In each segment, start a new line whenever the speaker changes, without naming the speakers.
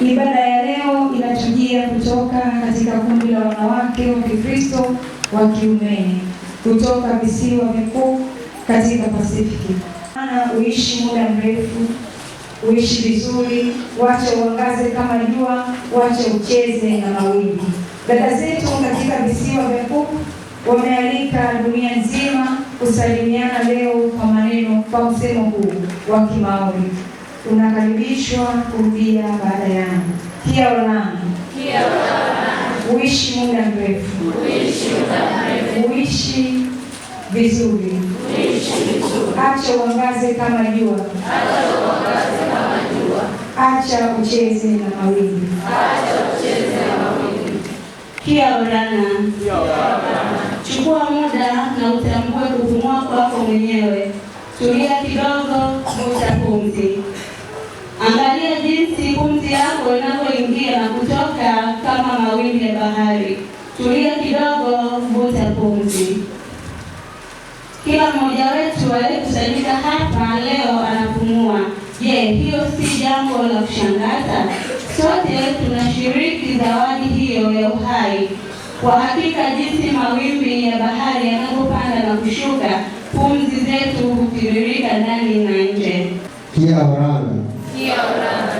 Ibada ya leo inachujia kutoka katika kundi la wanawake wa Kikristo wa Kiumeni kutoka visiwa vikuu katika Pasifiki. Ana uishi muda mrefu, uishi vizuri, wache uangaze kama jua, wache ucheze na mawingu. Dada zetu katika visiwa vikuu wamealika dunia nzima kusalimiana leo kwa maneno, kwa msemo huu wa Kimaori unakaribishwa kurudia baada yangu. Kia orangu, uishi muda mrefu, uishi vizuri, acha uangaze kama jua, acha ucheze na mawingu. Kia orana, chukua muda na utambue kupumua kwako mwenyewe. Tulia kidogo, vuta pumzi yako unapoingia na kutoka kama mawimbi ya bahari. Tulia kidogo, vuta pumzi. Kila mmoja wetu aliyekusanyika hapa leo anapumua. Je, hiyo si jambo la kushangaza? Sote tunashiriki zawadi hiyo ya uhai. Kwa hakika, jinsi mawimbi ya bahari yanapopanda na kushuka, pumzi zetu hutiririka ndani na nje.
Kia orana.
Kia orana.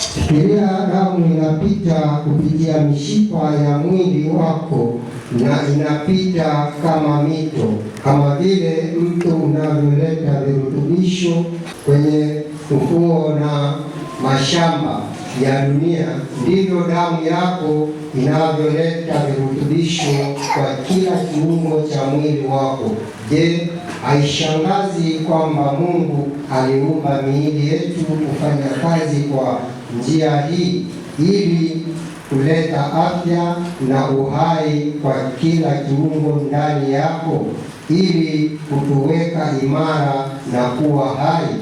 Shikilia damu inapita kupitia mishipa ya mwili wako na inapita kama mito, kama vile mto unavyoleta virutubisho kwenye ufuo na mashamba ya dunia, ndivyo damu yako inavyoleta virutubisho kwa kila kiungo cha mwili wako. Je, haishangazi kwamba Mungu aliumba miili yetu kufanya kazi kwa njia hii ili kuleta afya na uhai kwa kila kiungo ndani yako ili kutuweka imara na kuwa hai.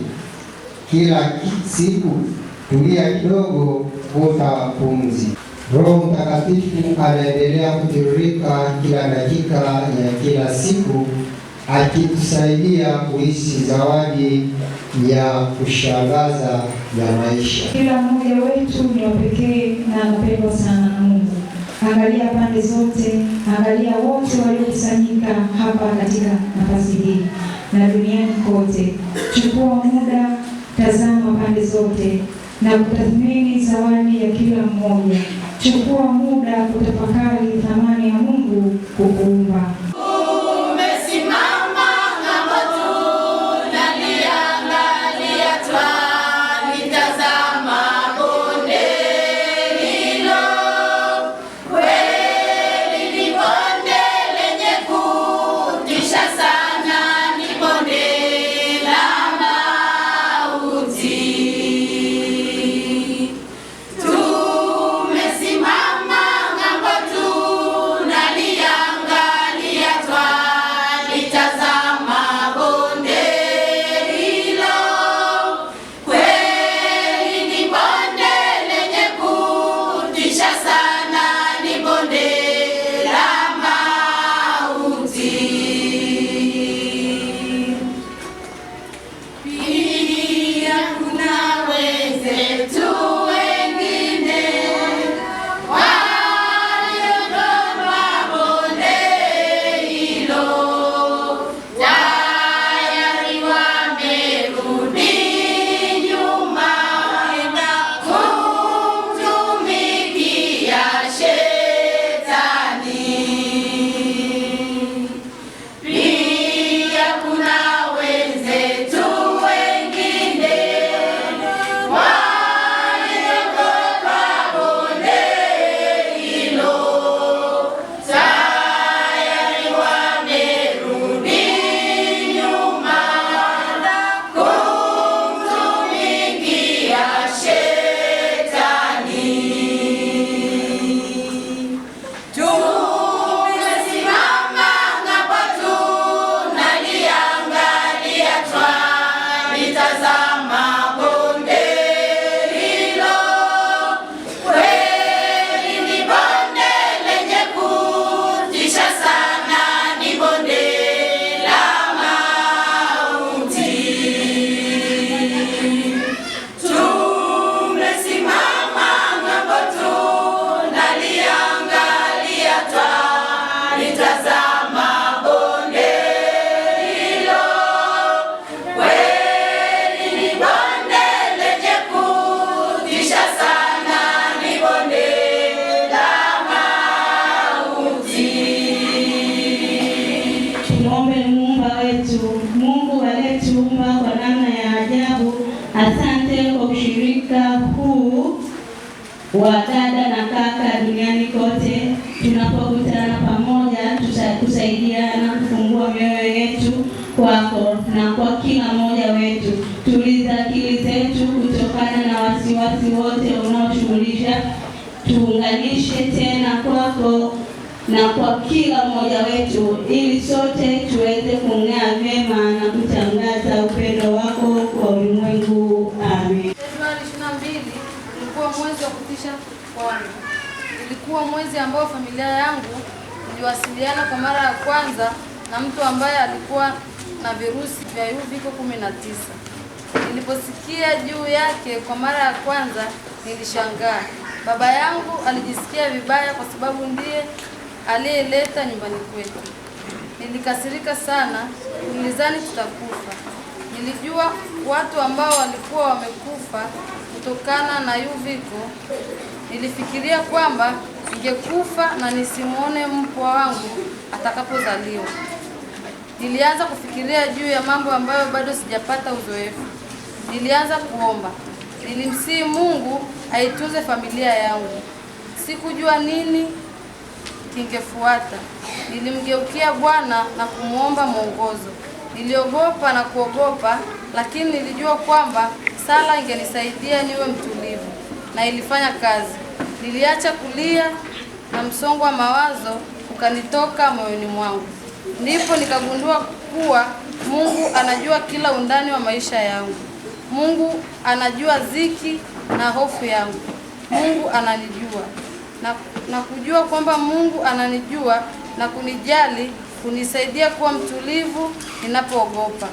Kila siku tulia kidogo, pumzi Roho Mtakatifu anaendelea kutiririka kila dakika ya kila siku akitusaidia kuishi zawadi ya kushangaza ya maisha.
Kila mmoja wetu ni wa pekee na anapendwa sana na Mungu. Angalia pande zote, angalia wote waliokusanyika hapa katika nafasi hii na duniani kote. Chukua muda, tazama pande zote na kutathmini zawadi ya kila mmoja. Chukua muda kutafakari thamani ya Mungu kukuumba.
kutisha kwangu. Ilikuwa mwezi ambao familia yangu iliwasiliana kwa mara ya kwanza na mtu ambaye alikuwa na virusi vya uviko 19. Niliposikia juu yake kwa mara ya kwanza nilishangaa. Baba yangu alijisikia vibaya kwa sababu ndiye aliyeleta nyumbani kwetu. Nilikasirika sana, nilizani tutakufa. Nilijua watu ambao walikuwa wamekufa kutokana na yuviko, nilifikiria kwamba ningekufa na nisimwone mpwa wangu atakapozaliwa. Nilianza kufikiria juu ya mambo ambayo bado sijapata uzoefu. Nilianza kuomba, nilimsihi Mungu aitunze familia yangu. Sikujua nini kingefuata. Nilimgeukia Bwana na kumwomba mwongozo. Niliogopa na kuogopa lakini nilijua kwamba sala ingenisaidia niwe mtulivu na ilifanya kazi. Niliacha kulia na msongo wa mawazo ukanitoka moyoni mwangu. Ndipo nikagundua kuwa Mungu anajua kila undani wa maisha yangu. Mungu anajua ziki na hofu yangu. Mungu ananijua na, na kujua kwamba Mungu ananijua na kunijali kunisaidia kuwa mtulivu ninapoogopa.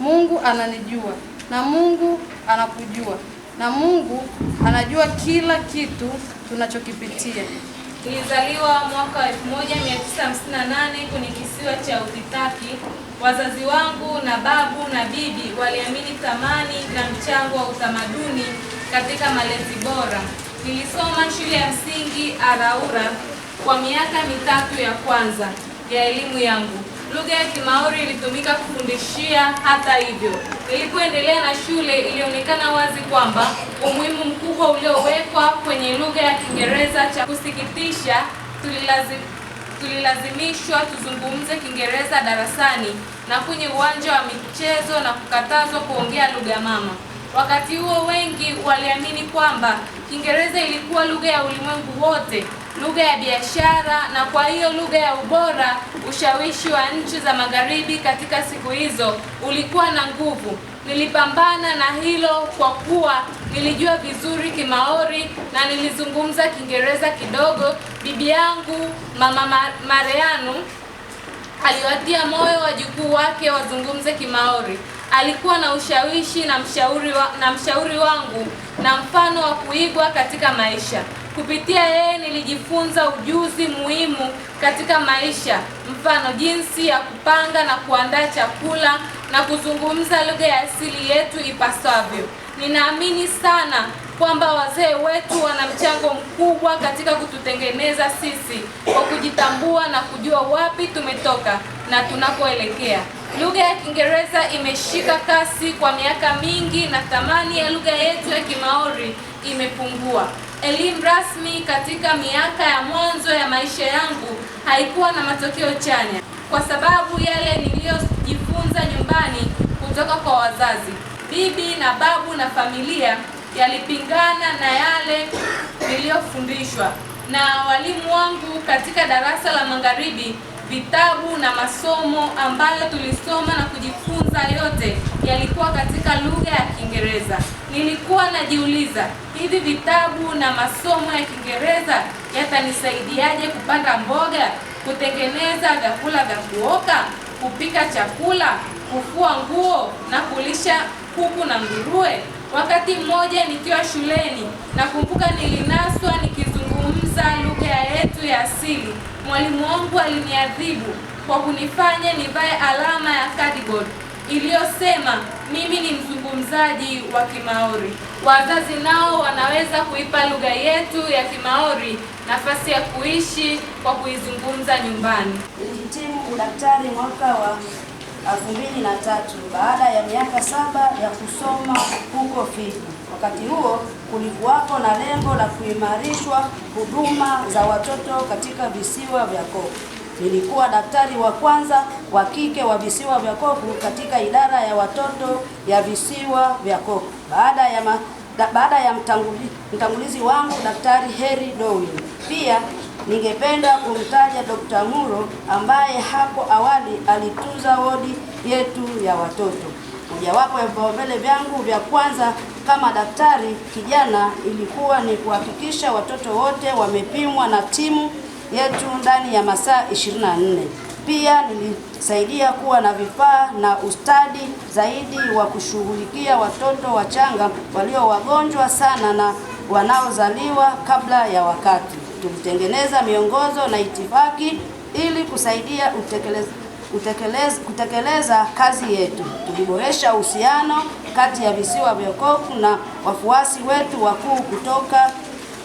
Mungu ananijua na Mungu anakujua na Mungu anajua kila kitu tunachokipitia. Nilizaliwa mwaka 1958 kwenye kisiwa cha utitaki Wazazi wangu na babu na bibi waliamini thamani na mchango wa utamaduni katika malezi bora. Nilisoma shule ya msingi Araura kwa miaka mitatu ya kwanza ya elimu yangu lugha ya Kimaori ilitumika kufundishia. Hata hivyo, nilipoendelea na shule, ilionekana wazi kwamba umuhimu mkubwa uliowekwa kwenye lugha ya Kiingereza. Cha kusikitisha, tulilazim, tulilazimishwa tuzungumze Kiingereza darasani na kwenye uwanja wa michezo na kukatazwa kuongea lugha mama. Wakati huo wengi waliamini kwamba Kiingereza ilikuwa lugha ya ulimwengu wote lugha ya biashara na kwa hiyo lugha ya ubora. Ushawishi wa nchi za magharibi katika siku hizo ulikuwa na nguvu. Nilipambana na hilo kwa kuwa nilijua vizuri Kimaori na nilizungumza Kiingereza kidogo. Bibi yangu mama mareanu aliwatia moyo wajukuu wake wazungumze Kimaori. Alikuwa na ushawishi na mshauri wa, na mshauri wangu na mfano wa kuigwa katika maisha. Kupitia yeye nilijifunza ujuzi muhimu katika maisha, mfano jinsi ya kupanga na kuandaa chakula na kuzungumza lugha ya asili yetu ipasavyo. Ninaamini sana kwamba wazee wetu wana mchango mkubwa katika kututengeneza sisi kwa kujitambua na kujua wapi tumetoka na tunakoelekea. Lugha ya Kiingereza imeshika kasi kwa miaka mingi na thamani ya lugha yetu ya Kimaori imepungua. Elimu rasmi katika miaka ya mwanzo ya maisha yangu haikuwa na matokeo chanya, kwa sababu yale niliyojifunza nyumbani kutoka kwa wazazi, bibi na babu na familia yalipingana na yale niliyofundishwa na walimu wangu katika darasa la magharibi vitabu na masomo ambayo tulisoma na kujifunza yote yalikuwa katika lugha ya Kiingereza. Nilikuwa najiuliza, hivi vitabu na masomo ya Kiingereza yatanisaidiaje kupanda mboga, kutengeneza vyakula vya kuoka, kupika chakula, kufua nguo na kulisha kuku na nguruwe? Wakati mmoja nikiwa shuleni, nakumbuka nilinaswa nikizungumza lugha yetu ya asili mwalimu wangu aliniadhibu kwa kunifanya nivae alama ya cardboard iliyosema mimi ni mzungumzaji wa Kimaori. Wazazi nao wanaweza kuipa lugha yetu ya Kimaori nafasi ya kuishi kwa kuizungumza nyumbani.
Nilihitimu udaktari mwaka wa tatu baada ya miaka saba ya kusoma huko Fiji. Wakati huo kulikuwapo na lengo la kuimarishwa huduma za watoto katika visiwa vya Koku. Nilikuwa daktari wa kwanza wa kike wa visiwa vya Koku katika idara ya watoto ya visiwa vya Koku baada ya ma, da, baada ya mtangulizi, mtangulizi wangu Daktari Heri Dowin. Pia ningependa kumtaja Dr. Muro ambaye hapo awali alitunza wodi yetu ya watoto. Mojawapo ya vipaumbele vyangu vya kwanza kama daktari kijana ilikuwa ni kuhakikisha watoto wote wamepimwa na timu yetu ndani ya masaa 24. Pia nilisaidia kuwa na vifaa na ustadi zaidi wa kushughulikia watoto wachanga walio wagonjwa sana na wanaozaliwa kabla ya wakati. Tulitengeneza miongozo na itifaki ili kusaidia utekelezaji kutekeleza, kutekeleza kazi yetu, tukiboresha uhusiano kati ya visiwa vya Kofu na wafuasi wetu wakuu kutoka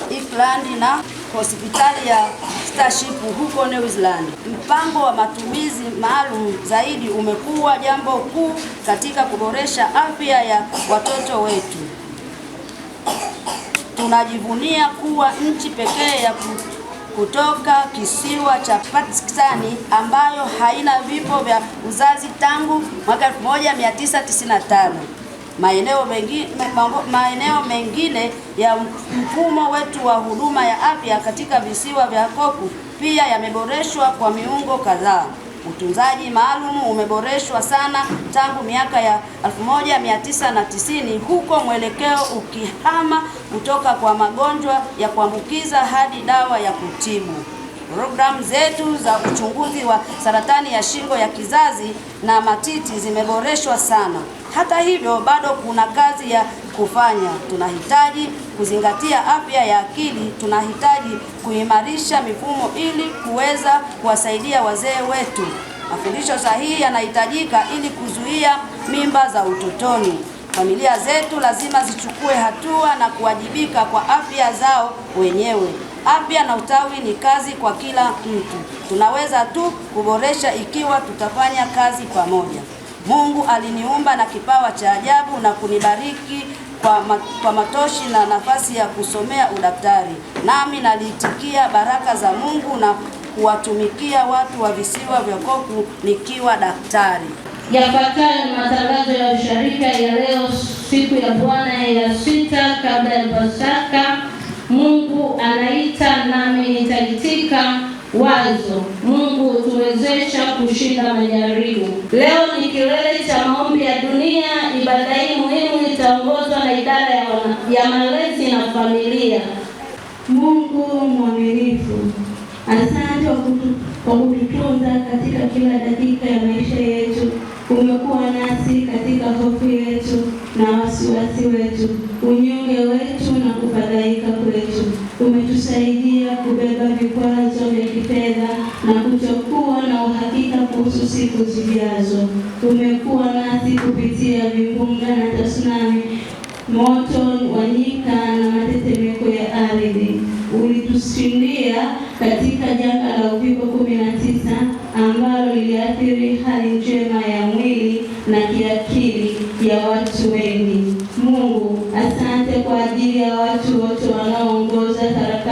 Iceland na hospitali ya Starship huko New Zealand. Mpango wa matumizi maalum zaidi umekuwa jambo kuu katika kuboresha afya ya watoto wetu. Tunajivunia kuwa nchi pekee ya kutoka kisiwa cha Pakistan ambayo haina vifo vya uzazi tangu mwaka 1995. Maeneo mengine, maeneo mengine ya mfumo wetu wa huduma ya afya katika visiwa vya koku pia yameboreshwa kwa miungo kadhaa. Utunzaji maalum umeboreshwa sana tangu miaka ya 1990 huko mwelekeo ukihama kutoka kwa magonjwa ya kuambukiza hadi dawa ya kutibu. Programu zetu za uchunguzi wa saratani ya shingo ya kizazi na matiti zimeboreshwa sana. Hata hivyo, bado kuna kazi ya kufanya. Tunahitaji kuzingatia afya ya akili, tunahitaji kuimarisha mifumo ili kuweza kuwasaidia wazee wetu. Mafundisho sahihi yanahitajika ili kuzuia mimba za utotoni. Familia zetu lazima zichukue hatua na kuwajibika kwa afya zao wenyewe. Afya na utawi ni kazi kwa kila mtu. Tunaweza tu kuboresha ikiwa tutafanya kazi pamoja. Mungu aliniumba na kipawa cha ajabu na kunibariki kwa matoshi na nafasi ya kusomea udaktari, nami naliitikia baraka za Mungu na kuwatumikia watu wa visiwa vya Koku nikiwa daktari.
Yafuatayo ni matangazo ya usharika ya leo siku ya Bwana ya sita kabla ya Pasaka. Mungu anaita nami nitaitika. Wazo: Mungu hutuwezesha kushinda majaribu. Leo ni kilele cha maombi ya dunia. Ibada hii muhimu itaongozwa na idara ya, ya malezi na familia. Mungu mwaminifu, asante kwa kututunza katika kila dakika ya maisha Umekuwa nasi katika hofu yetu na wasiwasi wetu, unyonge wetu na kufadhaika kwetu. Umetusaidia kubeba vikwazo vya kifedha na kutokuwa na uhakika kuhusu siku zijazo. Umekuwa nasi kupitia vimbunga na tsunami, moto wa nyika na matetemeko ya ardhi. Ulitushindia katika janga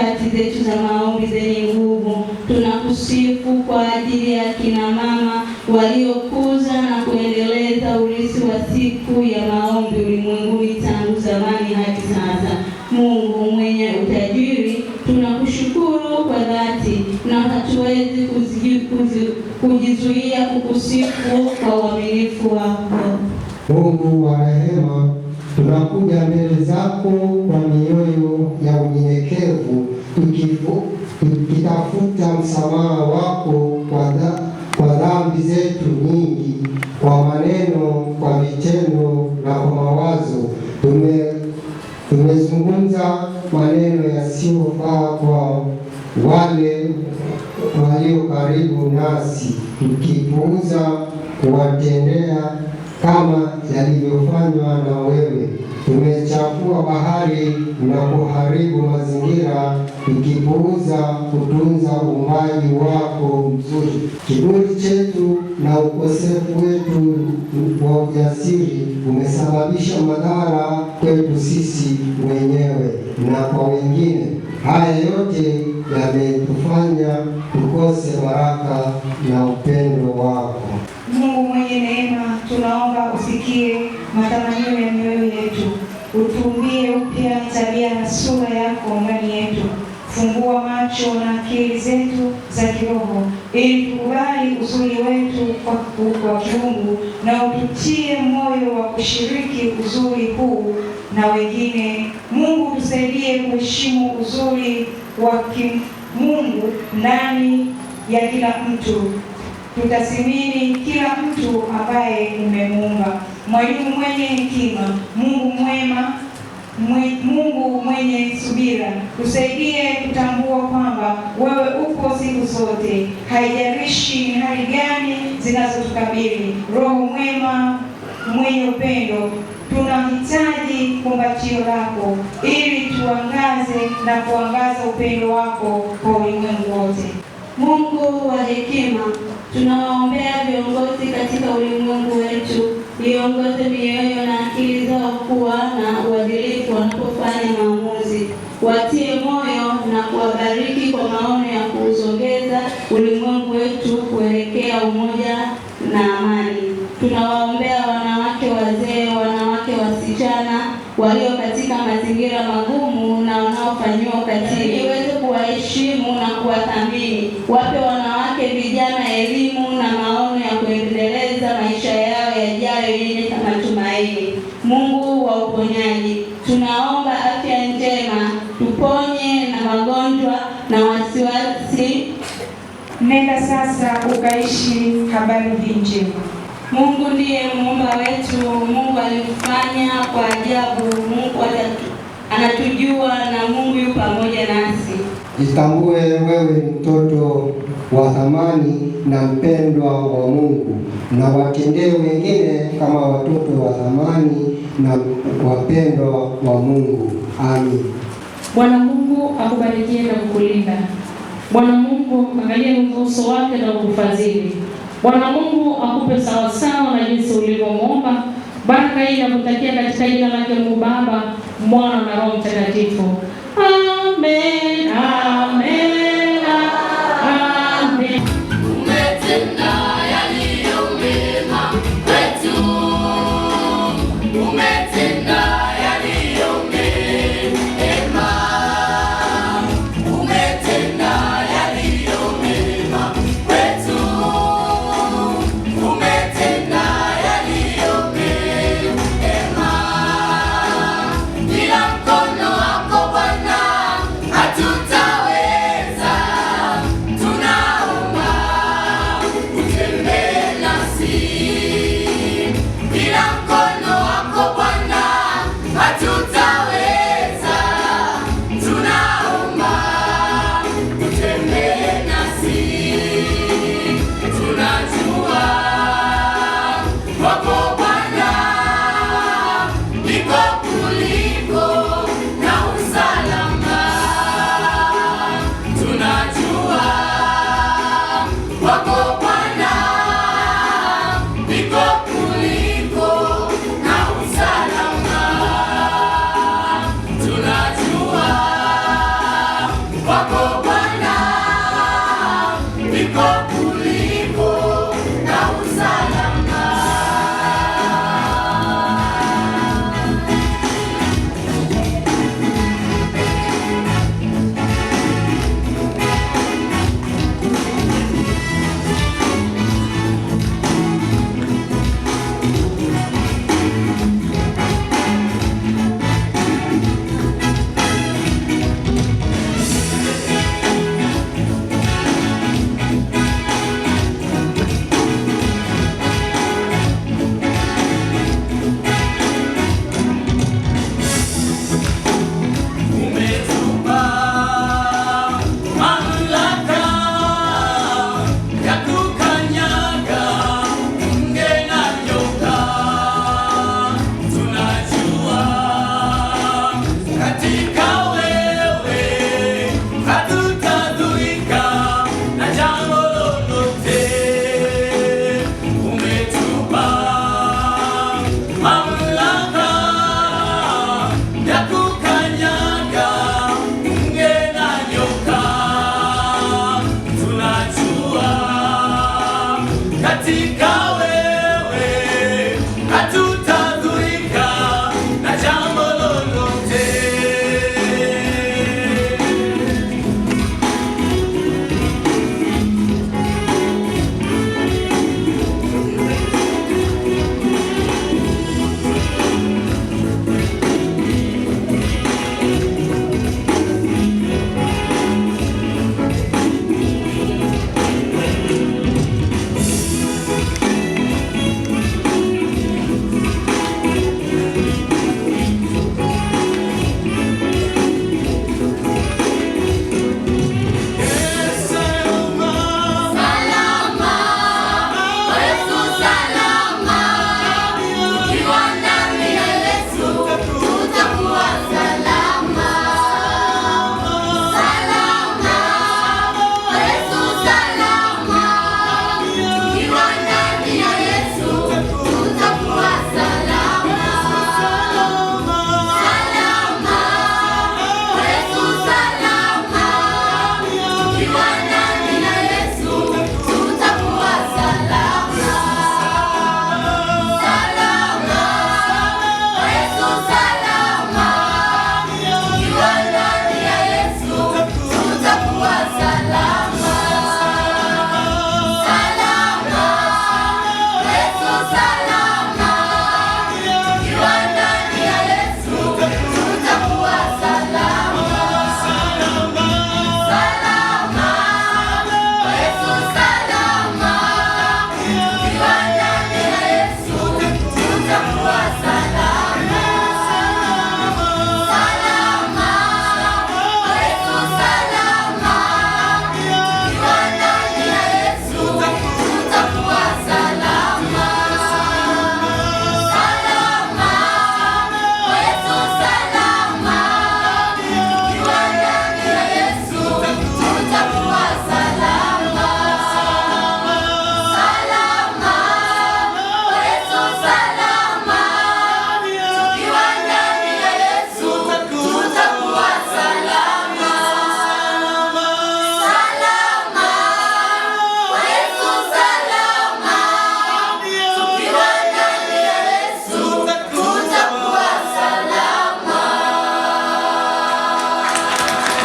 harakati zetu za maombi zenye nguvu. Tunakusifu kwa ajili ya kina mama waliokuza na kuendeleza urithi wa siku ya maombi ulimwenguni tangu zamani hadi sasa. Mungu mwenye utajiri, tunakushukuru kwa dhati na hatuwezi kujizuia kukusifu kwa uaminifu wako.
Mungu wa rehema, tunakuja mbele zako kwa mioyo ya tukitafuta msamaha wako kwa dhambi zetu nyingi, kwa maneno, kwa vitendo na kwa mawazo. Tumezungumza maneno yasiyofaa kwa wale walio karibu nasi, tukipuuza kuwatendea kama yalivyofanywa na wewe. Tumechafua bahari na kuharibu mazingira tukipuuza kutunza umaji wako mzuri. Kiburi chetu na ukosefu wetu wa ujasiri umesababisha madhara kwetu sisi wenyewe na kwa wengine. Haya yote yametufanya tukose baraka na upendo wako.
Mungu mwenye neema, tunaomba usikie matamanio ya mioyo yetu, utumbie upya tabia na sura yako ndani yetu Fungua macho na akili zetu za kiroho ili tukubali uzuri wetu kwa kiungu na ututie moyo wa kushiriki uzuri huu na wengine. Mungu tusaidie kuheshimu uzuri wa kimungu ndani ya kila mtu. Tutasimini kila mtu ambaye umemuumba. Mwalimu mwenye hekima, Mungu mwema Mungu mwenye subira, usaidie kutambua kwamba wewe uko siku zote, haijarishi ni hali gani zinazotukabili. Roho mwema mwenye upendo, tunahitaji kumbatio lako ili tuangaze na kuangaza upendo wako kwa ulimwengu wote.
Mungu wa hekima, tunawaombea viongozi katika ulimwengu wetu liongoze mioyo na akili zao kuwa na uadilifu wanapofanya maamuzi. Watie moyo na kuwabariki kwa maono ya kuusogeza ulimwengu wetu kuelekea umoja na amani. Tunawaombea wanawake wazee, wanawake wasichana walio katika mazingira magumu na wanaofanyiwa ukatili, iweze kuwaheshimu na kuwathamini, wape na magonjwa na wasiwasi. Nenda sasa ukaishi habari hii njema.
Mungu ndiye muumba wetu. Mungu alifanya kwa ajabu. Mungu anatujua na Mungu yupo pamoja nasi.
Jitambue wewe mtoto wa thamani na mpendwa wa Mungu, na watendee wengine kama watoto wa thamani na wapendwa wa Mungu. Amin.
Bwana Mungu akubarikie na kukulinda. Bwana Mungu angalie uso wake na kukufadhili. Bwana Mungu akupe sawasawa na jinsi ulivyomwomba. Baraka hii nakutakia katika jina lake Mungu Baba, Mwana na Roho Mtakatifu. Amen.